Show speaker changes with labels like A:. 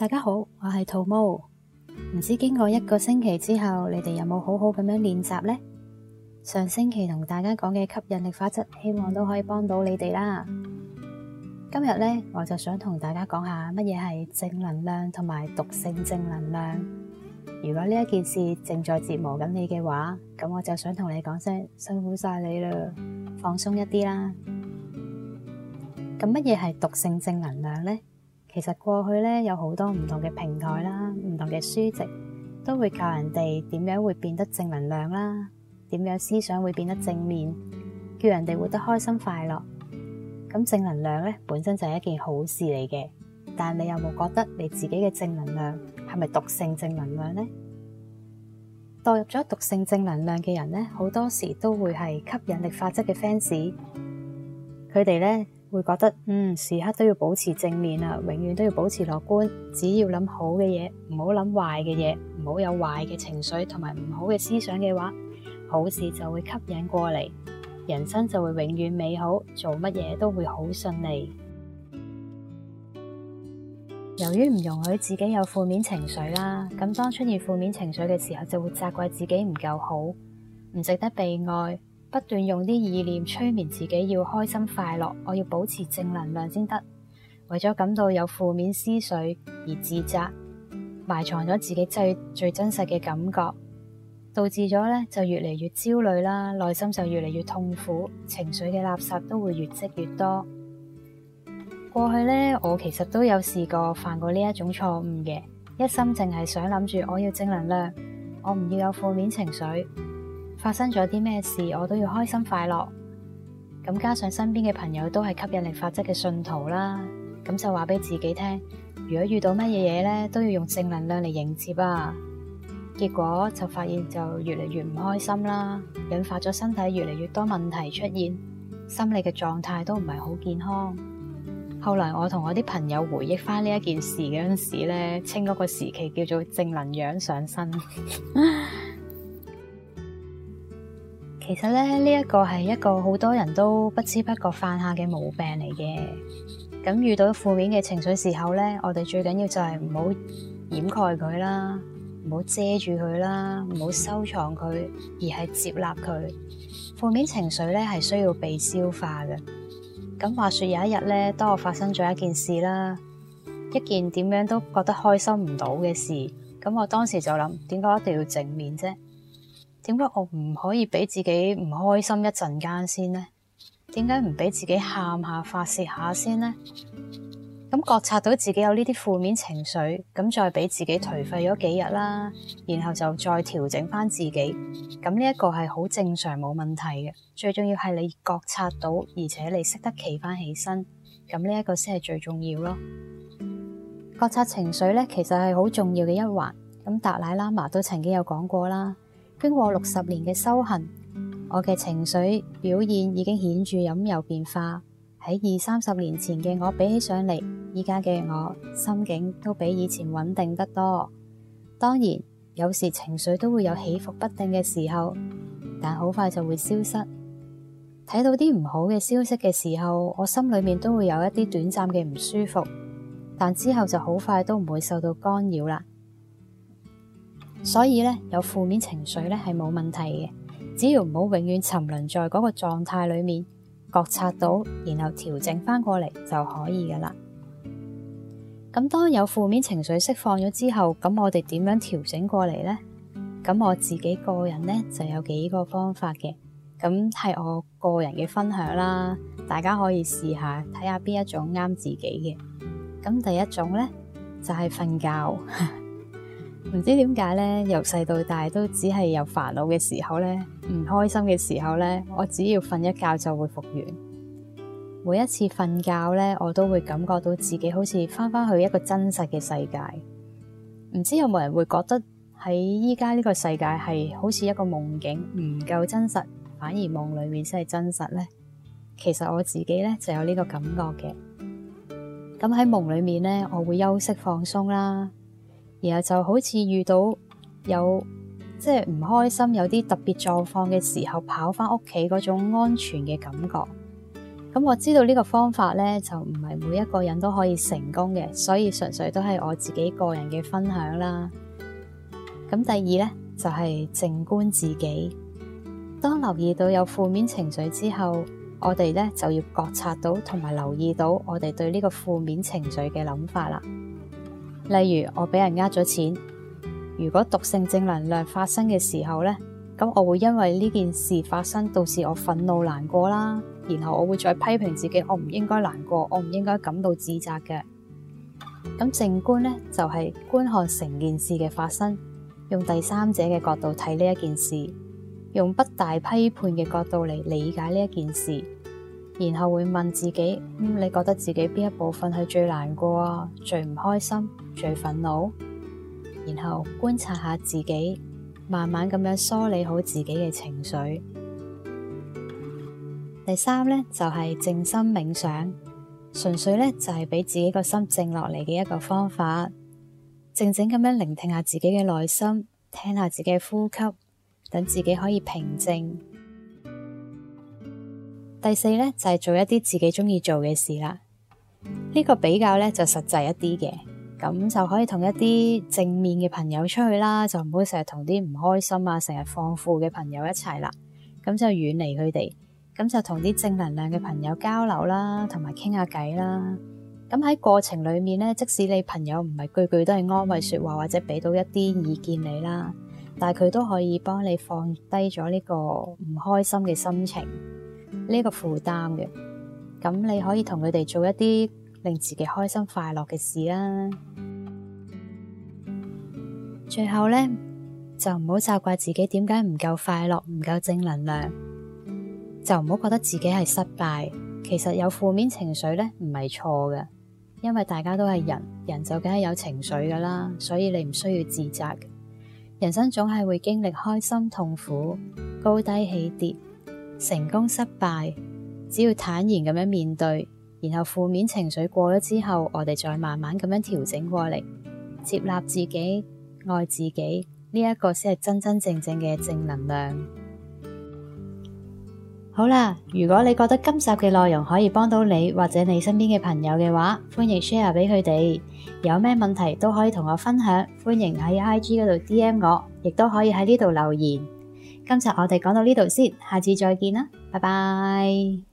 A: 大家好，我係兔毛，唔知經過一個星期之後，你哋有冇好好咁樣練習呢？上星期同大家講嘅吸引力法則，希望都可以幫到你哋啦。今日呢，我就想同大家講下乜嘢係正能量同埋毒性正能量。如果呢一件事正在折磨緊你嘅話，咁我就想同你講聲辛苦晒你啦，放鬆一啲啦。咁乜嘢係毒性正能量呢？其實過去咧有好多唔同嘅平台啦，唔同嘅書籍都會教人哋點樣會變得正能量啦，點樣思想會變得正面，叫人哋活得開心快樂。咁正能量咧本身就係一件好事嚟嘅，但你有冇覺得你自己嘅正能量係咪毒性正能量呢？墮入咗毒性正能量嘅人咧，好多時都會係吸引力法則嘅 fans，佢哋咧，會覺得嗯，時刻都要保持正面啊，永遠都要保持樂觀。只要諗好嘅嘢，唔好諗壞嘅嘢，唔好有壞嘅情緒同埋唔好嘅思想嘅話，好事就會吸引過嚟，人生就會永遠美好，做乜嘢都會好順利。由於唔容許自己有負面情緒啦，咁當出現負面情緒嘅時候，就會責怪自己唔夠好，唔值得被愛。不斷用啲意念催眠自己要開心快樂，我要保持正能量先得。為咗感到有負面思緒而自責，埋藏咗自己最最真實嘅感覺，導致咗呢就越嚟越焦慮啦，內心就越嚟越痛苦，情緒嘅垃圾都會越積越多。過去呢，我其實都有試過犯過呢一種錯誤嘅，一心淨係想諗住我要正能量，我唔要有負面情緒。發生咗啲咩事，我都要開心快樂。咁加上身邊嘅朋友都係吸引力法則嘅信徒啦，咁就話俾自己聽，如果遇到乜嘢嘢咧，都要用正能量嚟迎接啊。結果就發現就越嚟越唔開心啦，引發咗身體越嚟越多問題出現，心理嘅狀態都唔係好健康。後來我同我啲朋友回憶翻呢一件事嗰陣時咧，稱嗰個時期叫做正能量上身。 其實咧，呢、這個、一個係一個好多人都不知不覺犯下嘅毛病嚟嘅。咁遇到負面嘅情緒時候咧，我哋最緊要就係唔好掩蓋佢啦，唔好遮住佢啦，唔好收藏佢，而係接納佢。負面情緒咧係需要被消化嘅。咁話說有一日咧，當我發生咗一件事啦，一件點樣都覺得開心唔到嘅事，咁我當時就諗，點解一定要正面啫？點解我唔可以俾自己唔開心一陣間先呢？點解唔俾自己喊下發洩下先呢？咁覺察到自己有呢啲負面情緒，咁再俾自己頹廢咗幾日啦，然後就再調整翻自己。咁呢一個係好正常，冇問題嘅。最重要係你覺察到，而且你識得企翻起身，咁呢一個先係最重要咯。覺察情緒咧，其實係好重要嘅一環。咁達賴喇嘛都曾經有講過啦。經過六十年嘅修行，我嘅情緒表現已經顯著隱有變化。喺二三十年前嘅我比起上嚟，依家嘅我心境都比以前穩定得多。當然，有時情緒都會有起伏不定嘅時候，但好快就會消失。睇到啲唔好嘅消息嘅時候，我心裏面都會有一啲短暫嘅唔舒服，但之後就好快都唔會受到干擾啦。所以咧，有負面情緒咧係冇問題嘅，只要唔好永遠沉淪在嗰個狀態裏面，覺察到然後調整翻過嚟，就可以噶啦。咁當有負面情緒釋放咗之後，咁我哋點樣調整過嚟呢？咁我自己個人呢就有幾個方法嘅，咁係我個人嘅分享啦，大家可以試下睇下邊一種啱自己嘅。咁第一種呢，就係瞓覺。 唔知點解咧，由細到大都只係有煩惱嘅時候咧，唔開心嘅時候咧，我只要瞓一覺就會復原。每一次瞓覺咧，我都會感覺到自己好似翻返去一個真實嘅世界。唔知有冇人會覺得喺依家呢個世界係好似一個夢境，唔夠真實，反而夢裏面先係真實咧？其實我自己咧就有呢個感覺嘅。咁喺夢裏面咧，我會休息放鬆啦。然後就好似遇到有即係唔開心，有啲特別狀況嘅時候，跑返屋企嗰種安全嘅感覺。咁我知道呢個方法咧，就唔係每一個人都可以成功嘅，所以純粹都係我自己個人嘅分享啦。咁第二咧就係、是、靜觀自己，當留意到有負面情緒之後，我哋咧就要覺察到同埋留意到我哋對呢個負面情緒嘅諗法啦。例如我俾人呃咗錢，如果毒性正能量發生嘅時候咧，咁我會因為呢件事發生，導致我憤怒難過啦，然後我會再批評自己，我唔應該難過，我唔應該感到自責嘅。咁靜觀咧就係、是、觀看成件事嘅發生，用第三者嘅角度睇呢一件事，用不大批判嘅角度嚟理解呢一件事。然後會問自己，咁、嗯、你覺得自己邊一部分係最難過啊、最唔開心、最憤怒？然後觀察下自己，慢慢咁樣梳理好自己嘅情緒。第三呢，就係、是、靜心冥想，純粹呢，就係俾自己個心靜落嚟嘅一個方法，靜靜咁樣聆聽下自己嘅內心，聽下自己嘅呼吸，等自己可以平靜。第四咧就係做一啲自己中意做嘅事啦。呢個比較咧就實際一啲嘅，咁就可以同一啲正面嘅朋友出去啦，就唔好成日同啲唔開心啊，成日放負嘅朋友一齊啦。咁就遠離佢哋，咁就同啲正能量嘅朋友交流啦，同埋傾下偈啦。咁喺過程裏面咧，即使你朋友唔係句句都係安慰說話，或者俾到一啲意見你啦，但係佢都可以幫你放低咗呢個唔開心嘅心情。呢個負擔嘅咁，你可以同佢哋做一啲令自己開心快樂嘅事啦，啊。最後呢，就唔好責怪自己點解唔夠快樂，唔夠正能量，就唔好覺得自己係失敗。其實有負面情緒呢，唔係錯嘅，因為大家都係人，人就梗係有情緒噶啦，所以你唔需要自責。人生總係會經歷開心痛苦，高低起跌。成功失敗，只要坦然咁樣面對，然後負面情緒過咗之後，我哋再慢慢咁樣調整過嚟，接納自己，愛自己呢一個先係真真正正嘅正能量。好啦，如果你覺得今集嘅內容可以幫到你或者你身邊嘅朋友嘅話，歡迎 share 俾佢哋。有咩問題都可以同我分享，歡迎喺 I G 度 D M 我，亦都可以喺呢度留言。今集我哋講到呢度先，下次再見啦，拜拜。